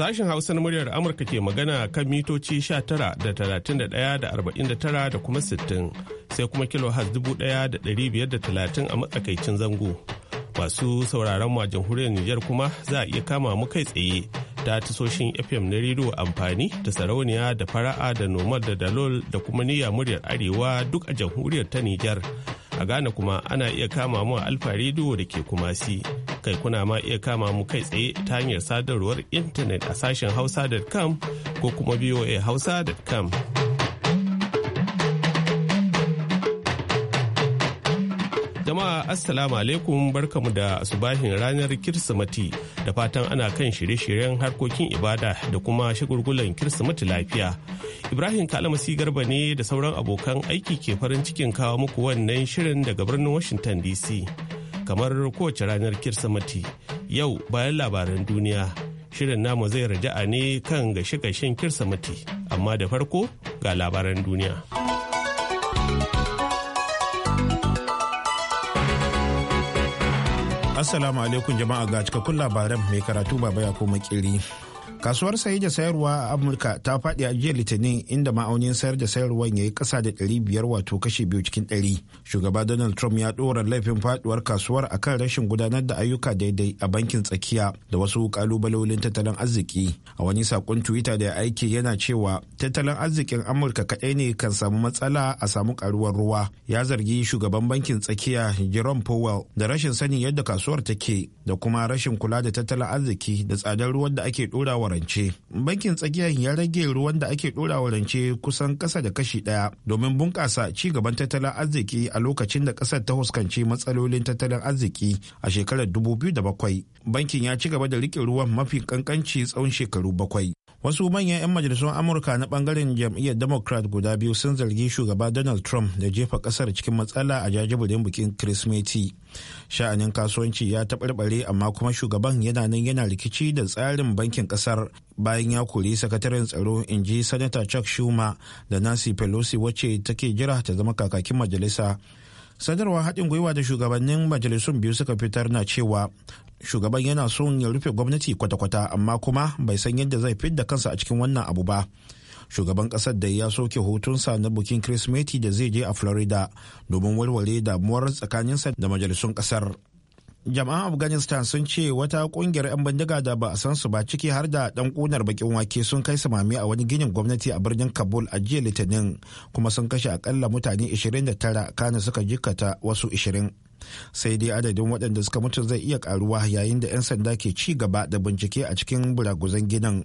Sashen Hausa na muryar Amurka ke magana kan mitoci 19 da 31 da 49 da kuma 60 sai kuma kilo has 1530 a matsakaicin zango. Masu sauraron mu jamhuriyar Nijar kuma za a iya kama mu kai tsaye ta tasoshin FM na rediyo amfani da sarauniya da fara'a da nomad da dalol da kuma niyya muryar arewa duk a jamhuriyar ta Nijar. A Ghana kuma ana iya kama mu a Alfa Radio da ke Kumasi. Kai kuna ma iya kama mu kai tsaye ta hanyar sadarwar intanet a sashen hausa.com ko kuma voahausa.com. hausa.com. Jama'a Assalamu alaikum barkamu da subahin ranar Kirsimati da fatan ana kan shirye-shiryen harkokin ibada da kuma shagulgulan Kirsimati lafiya. Ibrahim Kalamasi Garba ne da sauran abokan aiki ke farin cikin kawo muku wannan shirin daga birnin Washington DC. Kamar kowace ranar Kirsimati, yau bayan labaran duniya, shirin namu zai raja'a ne kan gashe-gashen Kirsimati, amma da farko ga labaran duniya. Assalamu alaikum jama'a ga cikakkun labaran mai karatu baba ya koma kiri. kasuwar sayi da sayarwa a amurka ta faɗi a jiya litinin inda ma'aunin sayar da sayarwar ya yi ƙasa da ɗari biyar wato kashe biyu cikin ɗari shugaba donald trump ya ɗora laifin faɗuwar kasuwar akan rashin gudanar da ayyuka daidai a bankin tsakiya da wasu ƙalubalolin tattalin arziki a wani saƙon twitter da ya aiki yana cewa tattalin arzikin amurka kaɗai ne kan samu matsala a samu ƙaruwar ruwa ya zargi shugaban bankin tsakiya jerome powell da rashin sanin yadda kasuwar take da kuma rashin kula da tattalin arziki da tsadar ruwan da ake ɗorawa rance bankin tsakiyar ya rage ruwan da ake dorawa rance kusan kasa da kashi daya domin bunƙasa ci gaban tattalin arziki a lokacin da ƙasar ta fuskanci matsalolin tattalin arziki a shekarar 2007 bankin ya ci gaba da rike ruwan mafi ƙanƙanci tsawon shekaru bakwai wasu manyan 'yan majalisun amurka na bangaren jam'iyyar democrat guda biyu sun zargi shugaba donald trump da jefa kasar cikin matsala a jajiburin bikin kirismeti sha'anin kasuwanci ya taɓarɓare amma kuma shugaban yana nan yana rikici da tsarin bankin kasar bayan ya kori sakataren tsaro in ji sanata chuck schumer da nancy pelosi wacce take jira ta zama kakakin majalisa sanarwar haɗin gwiwa da shugabannin majalisun biyu suka fitar na cewa shugaban yana son ya rufe gwamnati kwata-kwata amma kuma bai san yadda zai fidda kansa a cikin wannan abu ba shugaban kasar da ya soke hutunsa na bukin kirismeti da zai je a florida domin warware damuwar tsakaninsa da majalisun kasar jama'an afghanistan sun ce wata kungiyar 'yan bindiga da ba a san su ba ciki har da dan kunar bakin wake sun kai samami a wani ginin gwamnati a birnin kabul a jiya litinin kuma sun kashe akalla mutane 29 kana suka jikata wasu 20 sai dai adadin waɗanda suka mutu zai iya karuwa yayin da 'yan sanda ke ci gaba da bincike a cikin buraguzan ginin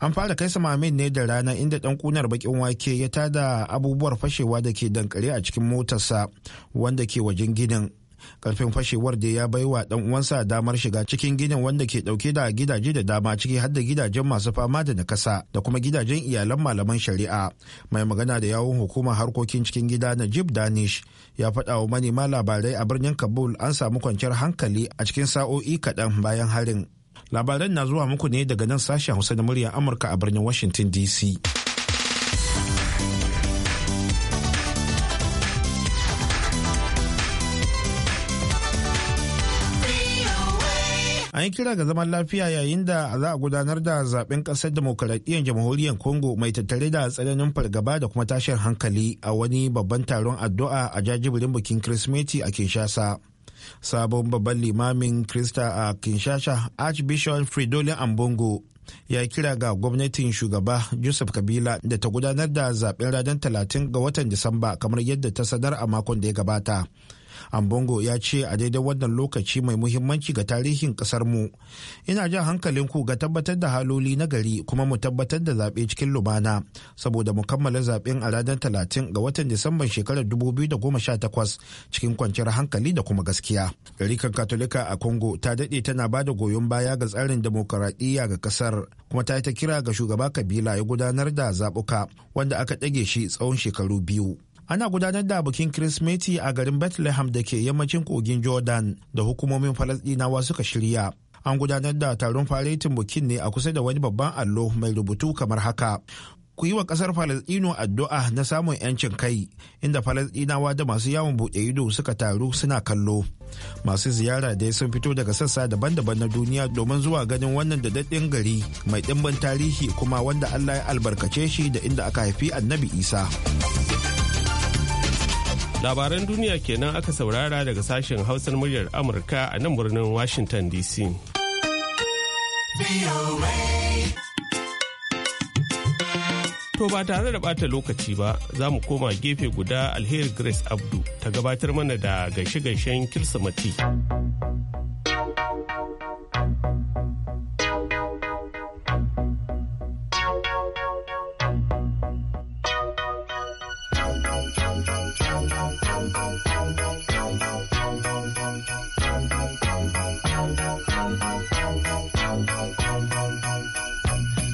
an fara kai samamin ne da rana inda dan kunar bakin wake ya tada abubuwar fashewa da ke dankare a cikin motarsa wanda ke wajen ginin karfin fashewar da ya baiwa dan uwansa damar shiga cikin ginin wanda ke dauke da gidaje da dama ciki har da gidajen masu fama da nakasa da kuma gidajen iyalan malaman shari'a mai magana da yawun hukumar harkokin cikin gida najib danish ya faɗa wa manema labarai a birnin kabul an samu kwanciyar hankali a cikin sa'o'i kaɗan bayan harin labaran na zuwa muku ne daga nan sashen hausa da murya amurka a birnin washington dc an kira ga zaman lafiya yayin da za a gudanar da zaben kasar demokaradiyyar jamhuriyar congo mai tattare da tsananin fargaba da kuma tashin hankali a wani babban taron addu'a a jajibirin bikin kirsimeti a kinshasa sabon babban limamin krista a kinshasa archbishop fridolin ambongo ya kira ga gwamnatin shugaba joseph kabila da ta gudanar da zaben ranar 30 ga watan disamba kamar yadda ta sanar a makon da ya gabata ambongo ya ce a daidai wannan lokaci mai muhimmanci ga tarihin kasar mu ina jan hankalin ku ga tabbatar da haloli na gari kuma mu tabbatar da zaɓe cikin lumana saboda mu kammala zaɓen a ranar talatin ga watan disamban shekarar 2018 cikin kwanciyar hankali da kuma gaskiya garikan katolika a congo ta daɗe tana ba da goyon baya ga tsarin demokaradiyya ga ƙasar kuma ta yi ta kira ga shugaba kabila ya gudanar da zaɓuka wanda aka ɗage shi tsawon shekaru biyu ana gudanar da bikin Kirsimeti a garin Bethlehem da ke yammacin kogin Jordan da hukumomin Falasɗinawa suka shirya. An gudanar da taron faretin bikin ne a kusa da wani babban allo mai rubutu kamar haka. Ku yi wa ƙasar Falasɗinu addu'a na samun 'yancin kai, inda Falasɗinawa da masu yawon buɗe ido suka taru suna kallo. Masu ziyara dai sun fito daga sassa daban-daban na duniya domin zuwa ganin wannan da daɗin gari mai ɗimbin tarihi kuma wanda Allah ya albarkace shi da inda aka haifi Annabi Isa. labaran duniya kenan aka saurara daga sashen hausar muryar amurka a nan birnin washington dc to ba tare da bata lokaci ba za mu koma gefe guda alheri grace abdu ta gabatar mana da gaishe-gaishen kirsimati.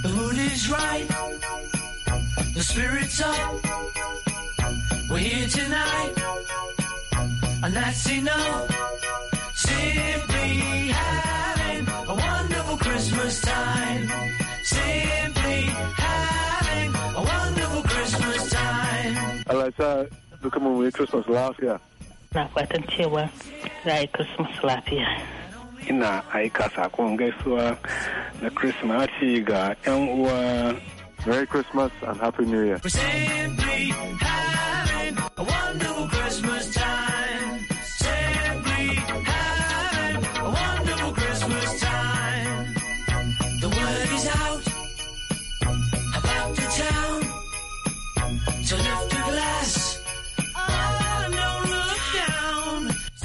The mood is right, the spirit's up. We're here tonight, and that's enough. Simply having a wonderful Christmas time. Simply having a wonderful Christmas time. Hello, sir duka mu yi Christmas lafiya. Na fatan cewa za a yi Christmas lafiya. Ina aika sakon gaisuwa na Christmas ga 'yan uwa. Merry Christmas and Happy New Year. Christmas time.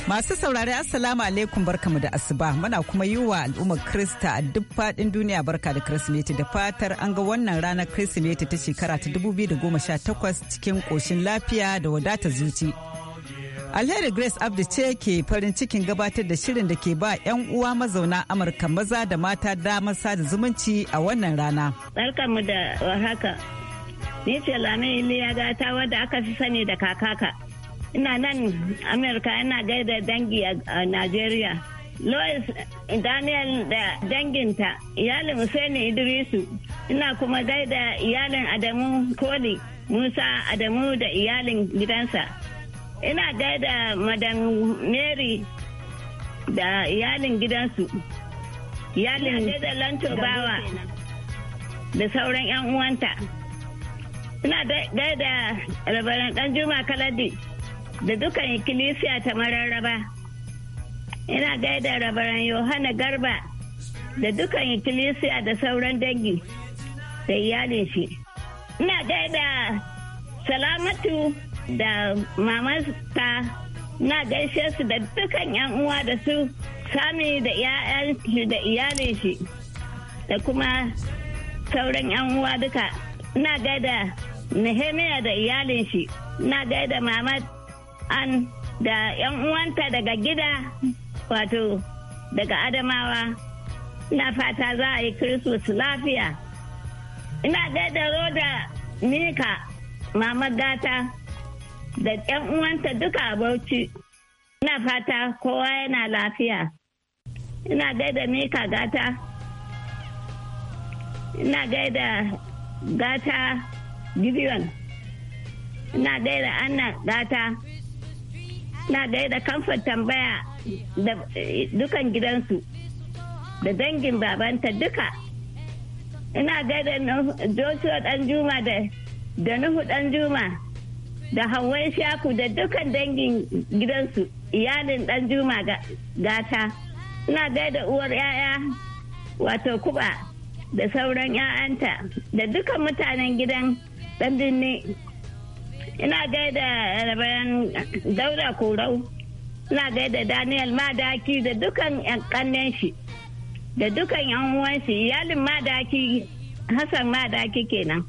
Masu saurari Assalamu alaikum barkamu da asuba muna kuma yi wa al'ummar Krista a duk fadin duniya barka da Kirsimeti da fatar an ga wannan ranar Kirsimeti ta shekara ta 2018 cikin koshin lafiya da wadata zuci. Alheri Grace Abdi ce ke farin cikin gabatar da shirin da ke ba 'yan uwa mazauna Amurka maza da mata damar sada zumunci a wannan rana. Barkanmu da haka. Ni ce Lamin Iliya gata wadda aka fi sani da kakaka. ina nan amerika yana gaida dangi a nigeria lois daniel da danginta iyalin Hussaini idrisu ina kuma gaida iyalin adamu koli musa adamu da iyalin gidansa ina gaida madam mary da iyalin gidansu iyalin gaida lanto bawa da sauran 'yan uwanta ina gaida rabaran dan juma kaladi da dukan ikkilisiya ta mararraba ina gaida rabaran yohana garba da dukan ikkilisiya da sauran dangi da iyalin shi ina gaida salamatu da mamasta na gaishe su da dukan yan uwa da su sami da iyalin shi da iyalin shi da kuma sauran yan uwa duka ina gaida nehemiya da iyalin shi ina gaida mamata an da 'yan uwanta daga gida wato daga adamawa ina fata za a yi christmas lafiya ina daidaro roda mika mama gata da 'yan uwanta duka a bauchi ina fata kowa yana lafiya ina gaida mika gata ina gaida gata gideon ina gaida anna gata na gaida da kamfan tambaya da eh, dukan gidansu da dangin babanta duka ina gaida joshua dan juma da nuhu dan juma da hawan shaku da dukan dangin gidansu iyalin dan juma gata ina gaida uwar yaya wato kuba da sauran 'ya'yanta da dukan mutanen gidan dan birni ina gaida rabayan daura korau ina gaida daniel madaki da dukan yan kannen shi da dukan yan uwan shi iyalin madaki hassan madaki kenan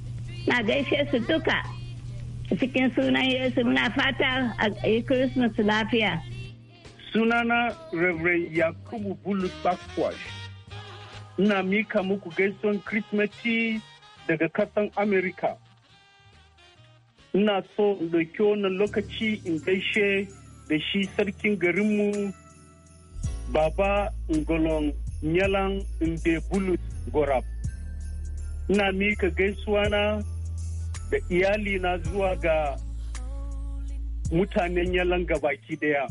na gaishe su duka cikin sunan yesu muna fata a yi christmas lafiya sunana reverend yakubu bulu backwash ina mika muku gaison christmas daga kasan america ina so in ɗauki wannan lokaci in gaishe da shi sarkin garinmu baba ngolon nyalan ndebulu gorab ina mika gaisuwa na da iyalina zuwa ga mutanen yalan gabaki daya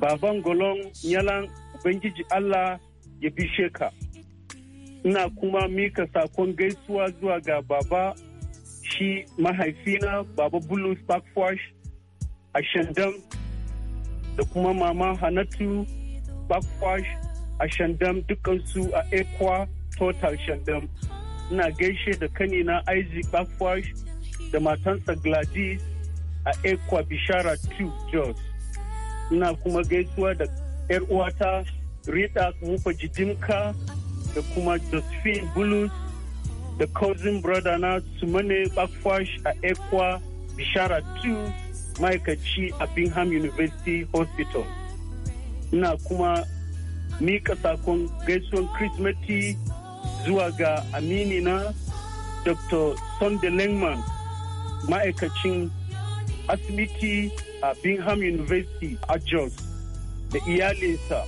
baban golon nyalan ubangiji allah ya bishe ka ina kuma mika sakon gaisuwa zuwa ga baba shi mahaifina baba bulus backwash a shandam da kuma mama hanatu backwash a shandam dukansu a ekwa total shandam ina gaishe da kanina isaac backwash da matansa gladys a ekwa bishara 2 jos ina kuma gaisuwa da 'yar uwata rita mufa jidinka da kuma josephine bulus The cousin brother na Sumane Bakwash a Ekwa Bishara 2 ma'aikaci a Bingham University Hospital. Ina kuma mika sakon gaisuwan krismeti zuwa ga na Dr. Sunday Langman ma'aikacin asibiti a Bingham University a Jos da iyalinsa.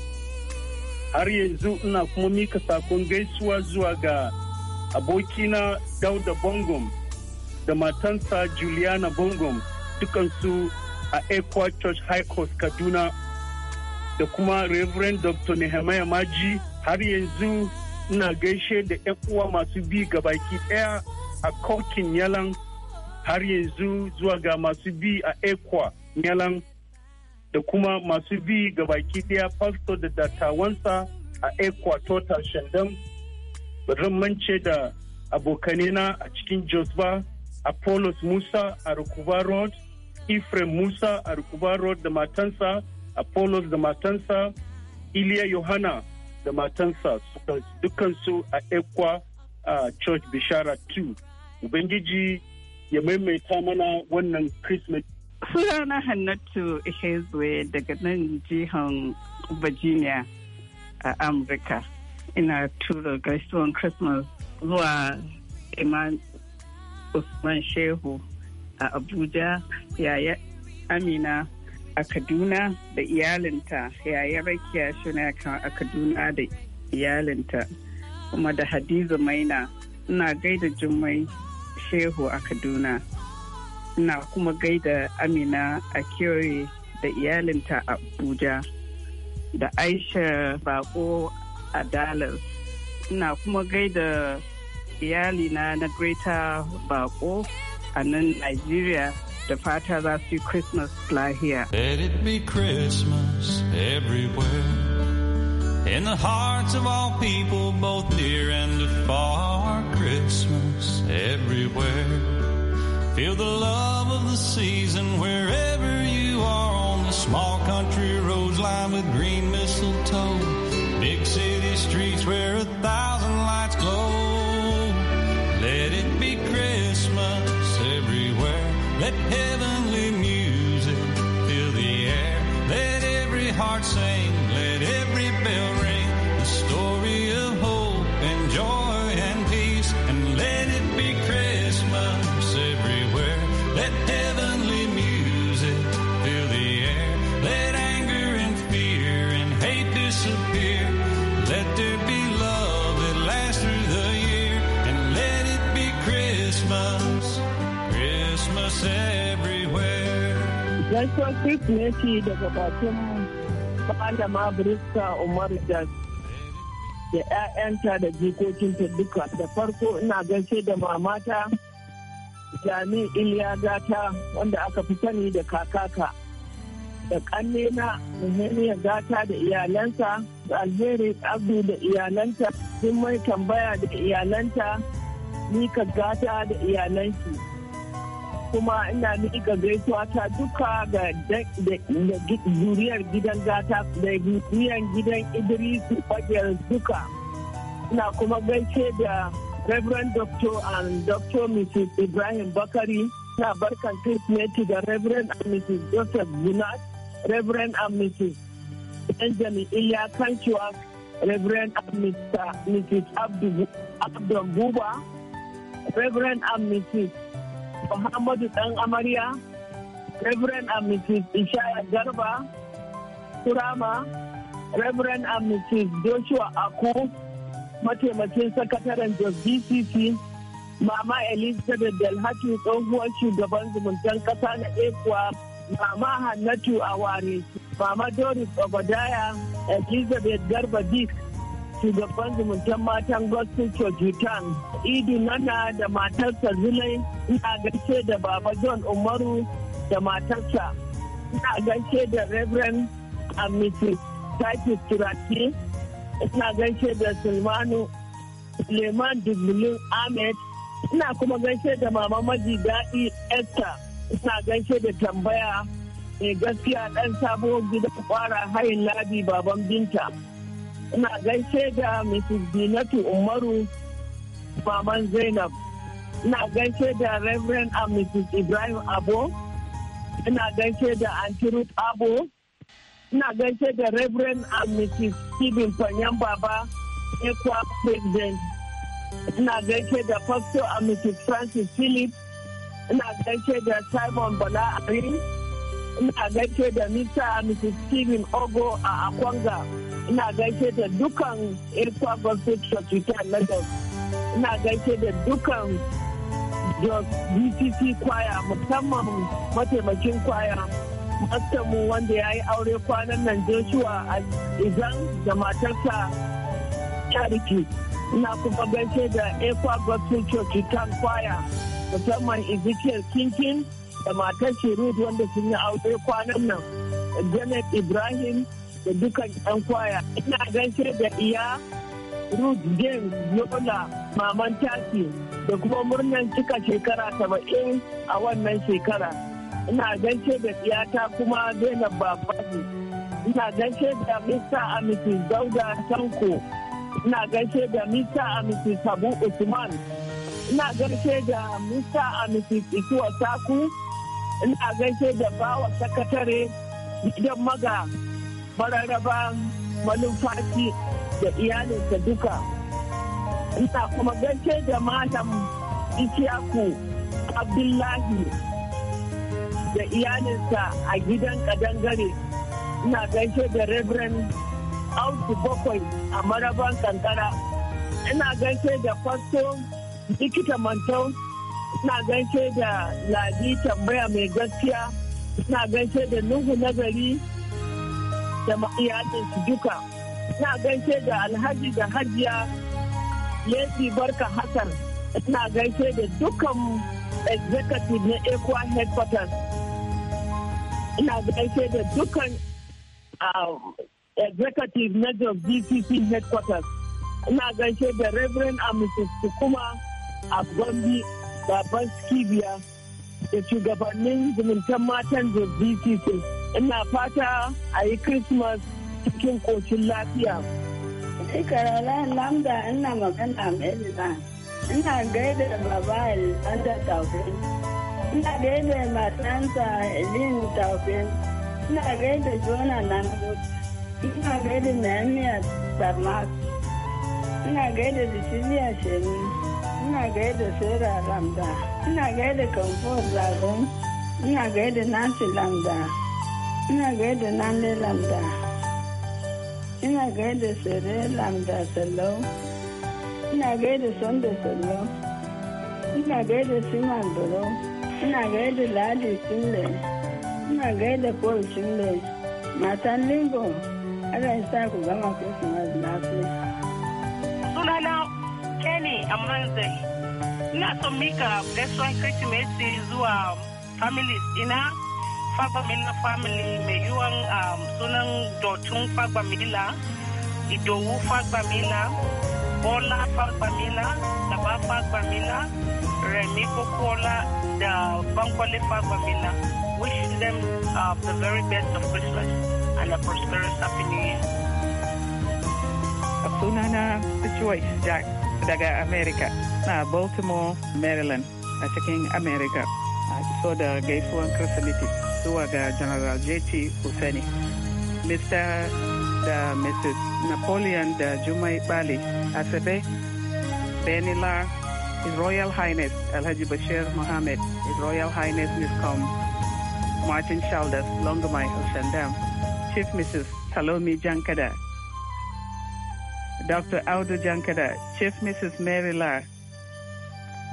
Har yanzu ina kuma mika sakon gaisuwa zuwa ga abokina dauda bongom da matansa juliana bongom dukansu a equa church high Coast kaduna da kuma reverend dr nehemiah maji har yanzu ina gaishe da 'yan uwa masu bi baki daya a kokin yalan har yanzu zuwa ga masu bi a ekwa yalan da kuma masu bi ga baki daya pastor da dattawansa a ekwa total shandam barin mance da abokanina a cikin Jos ba, Apollos Musa a Rukuba Road, Ephraim Musa a Rukuba Road da matansa, Apollos da matansa, Iliya Yohana da matansa dukansu a Ekwa a Church Bishara 2. Ubangiji ya maimaita mana wannan Christmas. Sunana Hannatu Ihezwe daga nan jihan Virginia a Amurka. ina tura gaisuwan christmas zuwa iman usman shehu a abuja yaya amina a kaduna da iyalinta yaya rakiya shuna a kaduna da iyalinta kuma da hadiza maina ina gaida jummai shehu a kaduna ina kuma gaida amina a kewaye da iyalinta a abuja da aisha bako a Dallas. Ina kuma gaida iyalina na Greater Bako a nan Nigeria da fata za su yi Christmas lahiya. Let it be Christmas everywhere. In the hearts of all people, both near and far, Christmas everywhere. Feel the love of the season wherever you are on the small country roads lined with green mistletoe streets where a thousand lights glow. Let it be Christmas everywhere. Let heavenly music fill the air. Let every heart sing. gaisuwar kirsimeti daga bakin malama brista umar da da 'ya'yanta da jikokinta duka da farko ina gaishe da mamata jami iliya gata wanda aka fi sani da kakaka da kanne na muhimmiyar gata da iyalansa alheri abdu da iyalanta mai tambaya da iyalanta mika gata da iyalanki kuma ina miƙa gaisuwa ta duka ga zuriyar gidan gata da zuriyar gidan idris fagiyar duka ina kuma gaishe da reverend Dr and Dr mrs ibrahim bakari ina barkan kirsimeti da reverend and mrs joseph Zunat, reverend and mrs benjamin iya kancewa reverend and mrs abdul buba reverend and mrs Muhammadu Dan Amarya, Reverend and Mrs. Ishaya Garba, Kurama, Reverend and Mrs. Joshua Aku, mataimakin sakataren Jos BCC, Mama Elizabeth Delhatu tsohuwar shugaban zumuntar kasa na Ekuwa, Mama Hannatu Aware, Mama Doris Obadaya, Elizabeth Garba Dick, shugaban zumuntar matan gospel church hutan idi nana da matarsa zulai ina gaishe da baba john umaru da matarsa ina gaishe da reverend amity titus turaki ina gaishe da sulmanu suleiman dubbulin ahmed ina kuma gaishe da mama maji daɗi esther ina gaishe da tambaya mai gaskiya ɗan sabuwar gidan kwara hayin labi baban binta ina gaishe da Mrs. Binatu Umaru Maman Zainab. Ina gaishe da Reverend and Mrs. Ibrahim Abo. Ina gaishe da Auntie Ruth Abo. Ina gaishe da Reverend and Mrs. Stephen Fanyan Baba, Ekwa President. Ina gaishe da Pastor and Mrs. Francis Philip. Ina gaishe da Simon Bala Arin. ina gaishe da mita mrs steven ogo a akwanga ina gaishe da dukan irkwa gospel Shakita lagos ina gaishe da dukan jos bcc kwaya musamman mataimakin kwaya mu wanda ya yi aure kwanan nan joshua a izan da matarsa charity ina kuma gaishe da ekwa gospel church kwaya musamman ezekiel kinkin da matar shirut wanda sun yi aure kwanan nan janet ibrahim da dukan yan kwaya ina gaishe da iya ruth james yola maman tasi da kuma murnan cika shekara saba'in a wannan shekara ina gaishe da iyata kuma zainab babaji ina gaishe da mista a mrs dauda tanko ina gaishe da mista a mrs habu usman ina gaishe da mista a mrs isuwa saku ina gaishe da bawa sakatare idan maga mararraba manufaci da iyalinsa duka ina kuma gaishe da malam ishaku abdullahi da iyalinsa a gidan kadangare ina gaishe da reverend audu bakwai a maraban kankara ina gaishe da fasto likita mantau ina gaishe da Ladi tambaya mai gaskiya ina gaishe da nuhu nagari da iyalin su duka ina gaishe da alhaji da hajiya yesi barka hassan ina gaishe da dukan executive na equa headquarters ina gaishe da dukan um, executive na jos dcc headquarters ina gaishe da reverend amitis kuma a gombe baban kibiya da shugabannin zumuntar matan da BCC. ina fata a yi christmas cikin kocin lafiya Ikarola Lambda ina magana Amerika. Ina gaida baba Alexander Taufin. Ina gaida matansa Elin Taufin. Ina gaida Jona Lambot. Ina gaida Nehemiah Sarmak. Ina gaida Cecilia Shemi. ina gaya da Lamda ramda ede gaya da nna lagun ina Lamda da nancy lambda Lamda gaya da sere Lamda sallau nna gaya ede sunday sallau ina gaya ede siman ndoro ina gaya da ladi chinle nna gaya da paul chinle matan lingo ana sa ku gama christmas lafiya Kenny Amanze. Ina son mika gaisuwan Kirsimeti zuwa families ina Fagbamila family may you mai yiwuwan um, sunan Dotun ido Idowu Fagbamila, Bola Fagbamila, Baba Fagbamila, Remi the da Bankwale Fagbamila. Wish them uh, the very best of Christmas and a prosperous Happy New Year. sunana choice, Jack daga America na Baltimore, Maryland a cikin America a iso da gaisuwan Kirsimeti zuwa ga General J.T. Husseini. Mr. da Mrs. Napoleon da Jumai Bali Asabe, Benila, His Royal Highness Alhaji Bashir Mohammed, His Royal Highness Com, Martin Shaldas, Longomai Oshandam, Chief Mrs. Salomi Jankada, Dr. Aldo Jankada, Chief Mrs. Mary La,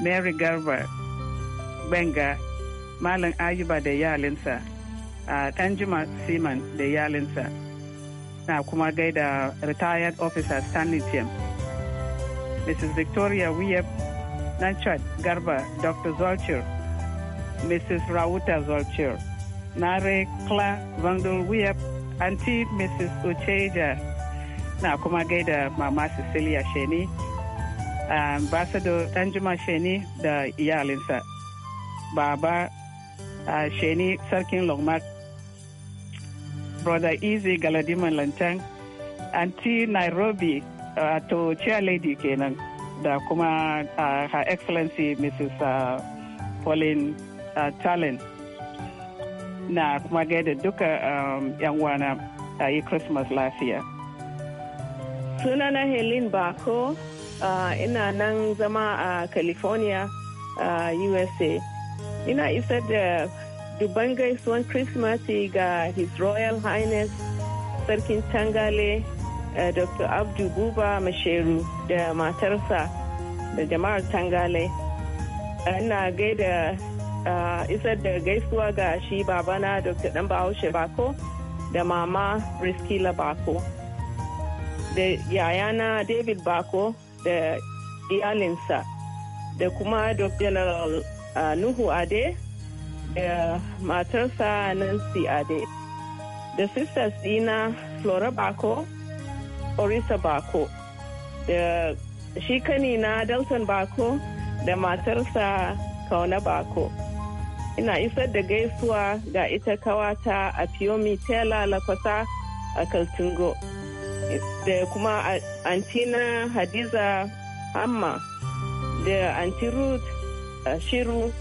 Mary Garba, Benga, Malang Ayuba da yalinsa, a uh, Tanjuma Seaman da yalinsa, Now Kumageda retired officer Stanley Tim. Mrs. Victoria Weep, Nanchat Garba, Dr. Zolcher, Mrs. Rauta Zolcher, Nare Kla Vandul Weep, Auntie Mrs. Ucheja, na kuma gaida mama cecilia sheni um, ambassador Tanjuma sheni da iyalinsa baba uh, sheni sarkin longmark brother easy Galadima lantan anti nairobi to chair lady kenan da kuma uh, her excellency mrs uh, pauline na kuma gaida duka um, yan wana a yi christmas lafiya sunana helen bako uh, ina nan zama a uh, california uh, usa ina isa da dubban gaisuwan christmas ga his royal highness sarkin tangale uh, dr abdu buba masheru da matarsa da jama'ar tangale ina gaida uh, isar da gaisuwa ga shi babana dr dan bahaushe bako da mama Riskila bako da yayana david bako da iyalinsa da kuma dr general nuhu ade da matarsa nancy ade da sisters dina flora bako orisa bako da shi kanina dalton bako da matarsa kauna bako ina isar da gaisuwa ga ita kawata a piomi tela lakwasa a kaltungo da kuma antina hadiza Hamma da anti ruth shiru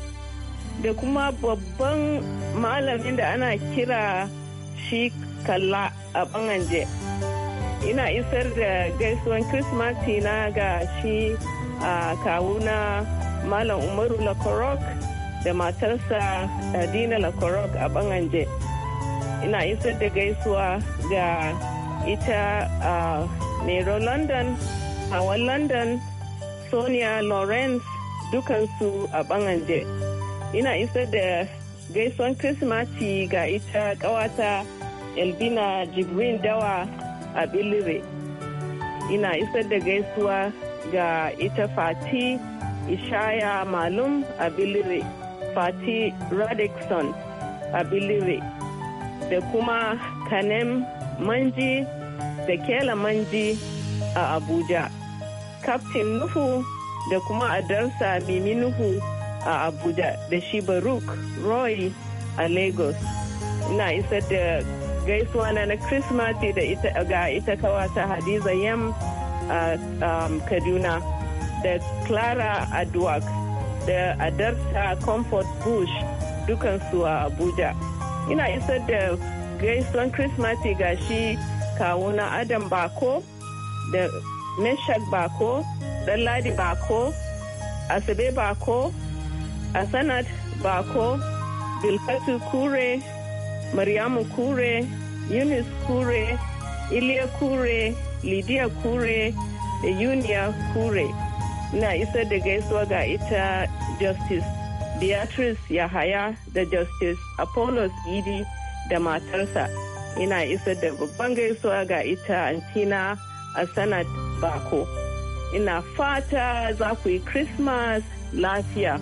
da kuma babban malamin da ana kira shi kalla a banganje ina isar da gaisuwan christmas na ga shi a kawuna malam umaru lakorok da matarsa dina lakorok a banganje ina isar da gaisuwa ga ita a nero London, Hawan London, Sonia Lawrence dukansu a Banganje. Ina isa da gaison Kirsimati ga ita kawata Elbina Jibrin Dawa a Bilire. Ina isa da gaisuwa ga ita Fati Ishaya Malum a Bilire, Fati Radikson a Bilire, da kuma Kanem Manji da kela manji a abuja kaftin nuhu da kuma adarsa mimi nuhu a abuja da shi baruk roy a lagos na isa da gaisuwa na na da ga ita kawata hadiza yam a um, kaduna da clara adwak da darsa comfort bush dukansu a abuja ina isar da gaisuwan krismati ga shi kawuna adam bako da meshak bako ladi bako asabe bako asanat bako bilkatu kure maryamu kure yunis kure iliya kure lidiya kure da yuniya kure na isa da gaisuwa ga ita justice beatrice yahaya da justice apollos idi da matarsa ina isar da babban gaisuwa ga ita antina a sanat bako ina fata za ku yi christmas lafiya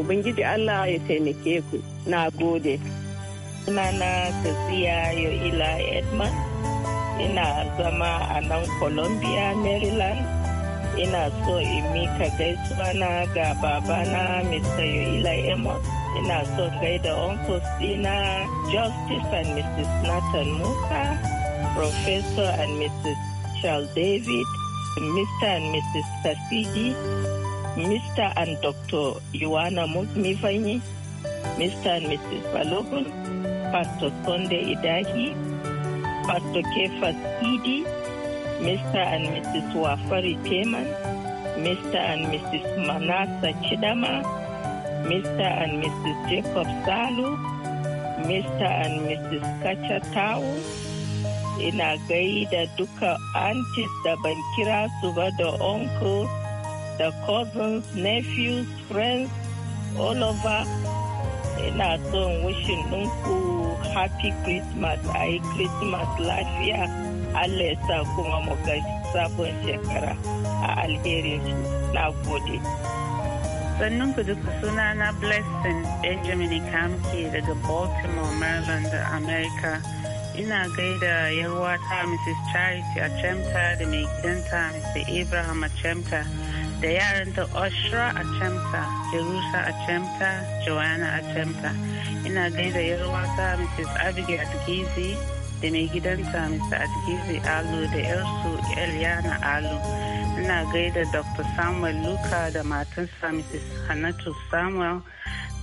ubangiji allah ya taimake ku na gode sunana tafiya ila edmund ina zama a nan columbia maryland ina so in mika gaisuwa na ga babana mr yoila edmund ina so gaida uncles justice and mrs nathan muka professor and mrs charles david mr and mrs kasiji mr and dr yuana mivanyi mr and mrs balogun pastor sunday idahi pastor kefas idi mr and mrs wafari teman mr and mrs manasa chidama Mr. and Mrs. Jacob Salu, Mr. and Mrs. Kacha Tau, ina gaida duka aunties da ban kira su ba da uncles da cousins, nephews, friends, all over. Ina son wishin ɗinku happy Christmas, a yi Christmas lafiya, Allah ya sa kuma mu ga sabon shekara a alherin shi. Na gode. Sannun ku duka suna na Blessing Benjamin Kamke daga Baltimore, Maryland, America. Ina gaida yarwata Mrs. Charity Achemta da mai gidanta Mr. Abraham Achemta da yaranta Oshra Achemta, Jerusa Achemta, Joanna Achemta. Ina gaida yarwata Mrs. Abigail Adgizi da mai gidanta Mr. Adgizi Alu da yarsu Eliana Alu. ina gaida dr samuel luka da matansa mrs hannatu samuel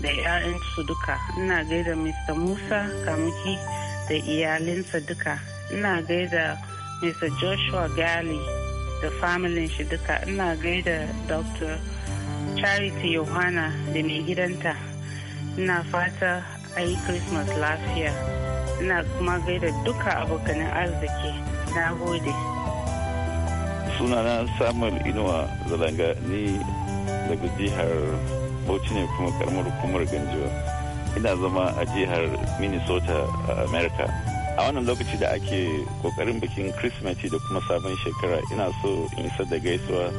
da 'ya'yansu duka ina gaida mr musa kamuki da iyalinsa duka ina gaida mr joshua gali da familin shi duka ina gaida dr charity yohana da mai gidanta ina fata a yi christmas lafiya ina kuma gaida duka abokanin arziki na gode sunana samuel inuwa zalanga ni daga jihar bauchi ne kuma karamar hukumar ganjiwa ina zama a jihar minnesota a america a wannan lokaci da ake kokarin bikin kirsimeti da kuma sabon shekara ina so in isar da gaisuwa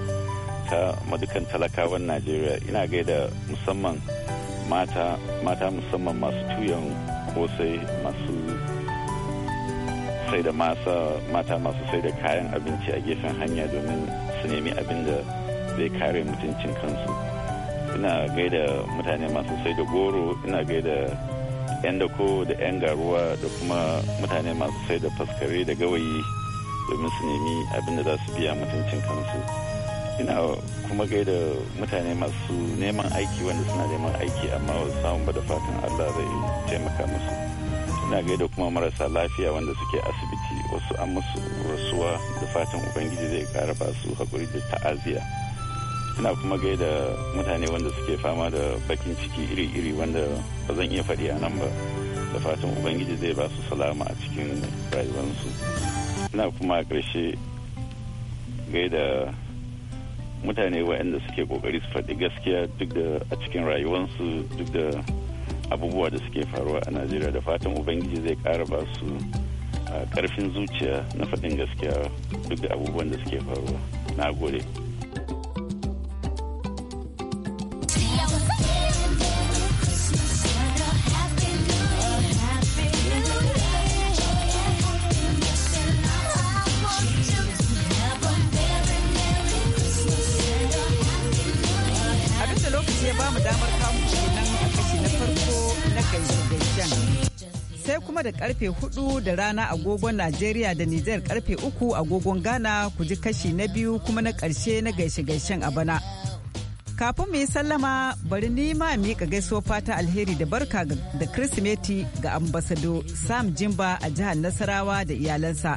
ta madukan talakawan najeriya ina gaida musamman mata mata musamman masu tuyan kosai masu sai da mata masu sai da kayan abinci a gefen hanya domin su nemi abin da zai kare mutuncin kansu ina gaida mutane masu sai da goro ina gaida 'yan dako da 'yan garuwa da kuma mutane masu sai da faskare da gawayi domin su nemi abin da za su biya mutuncin kansu ina kuma gaida mutane masu neman aiki wanda suna neman aiki amma samun ba da fatan allah zai taimaka musu ina gaida kuma marasa lafiya wanda suke asibiti wasu an musu rasuwa da fatan ubangiji zai kara ba su haƙuri da ta'aziya ina kuma gaida mutane wanda suke fama da bakin ciki iri-iri wanda ba zan iya faɗi a nan ba da fatan ubangiji zai ba su salama a cikin rayuwarsu ina kuma a ƙarshe gaida mutane waɗanda suke ƙoƙari su faɗi gaskiya duk da a cikin rayuwarsu duk da abubuwa da suke faruwa a najeriya da fatan ubangiji zai ƙara ba su karfin ah, zuciya na faɗin gaskiya duk da abubuwan da suke faruwa na gode da karfe 4 da rana agogon Najeriya da Nijar karfe 3 agogon Ghana ku ji kashi na biyu kuma na karshe na gaishe-gaishen a bana. Kafin mu yi sallama bari ni ma miƙa gaisuwa fata alheri da barka da Kirsimeti ga ambasado Sam Jimba a jihar Nasarawa da iyalansa.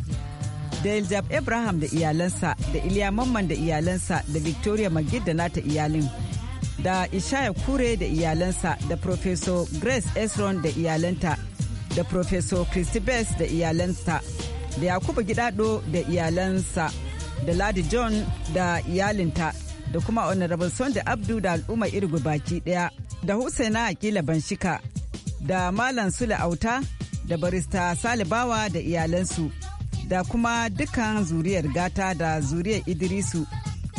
da Eljab Abraham da iyalansa da Iliya Mamman da iyalansa da Victoria Magid da nata iyalin. Da Ishaya Kure da iyalansa da Professor Grace Esron da iyalanta da Professor Christy Best da iyalansa da Yakubu Gidado da iyalansa da Ladi John da iyalinta da kuma Honorable Sunday Abdu da al'umma Irgu baki ɗaya da Husaina Akila Banshika da Malam Sule Auta da Barista Salibawa da iyalansu da kuma dukkan zuriyar gata da zuriyar Idrisu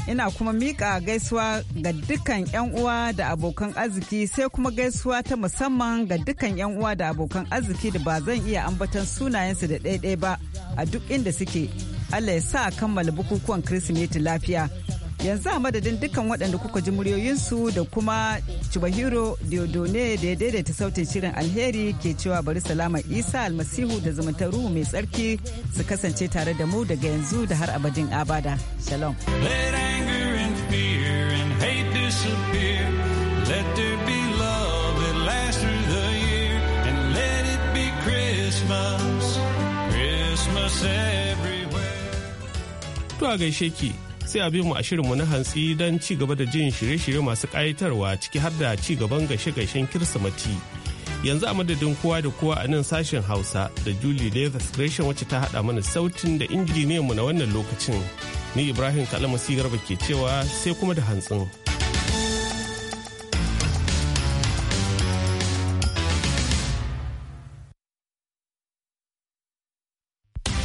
ina kuma mika gaisuwa ga dukkan 'yan uwa da abokan arziki sai kuma gaisuwa ta musamman ga dukkan 'yan uwa da abokan arziki da ba zan iya ambatan sunayensu da ɗaiɗai ba a duk inda suke allah ya sa kammala bukukuwan kirsimeti lafiya yanzu a madadin dukkan waɗanda kuka ji muryoyinsu da kuma chubahiro diodone da ya daidaita sautin shirin alheri ke cewa bari salama isa almasihu da zumuntar ruhu mai tsarki su kasance tare da mu daga yanzu da har abadin abada shalom here. a gaishe ki sai a bi mu a shirinmu na hantsi don ci gaba da jin shirye-shirye masu ƙayatarwa ciki har da ci gaban gaishe-gaishen kirsimati. yanzu a madadin kowa da kowa a nan sashen hausa da julie davis gresham wacce ta haɗa mana sautin da injiniyanmu na wannan lokacin ni ibrahim kalama garba ke cewa sai kuma da hantsin.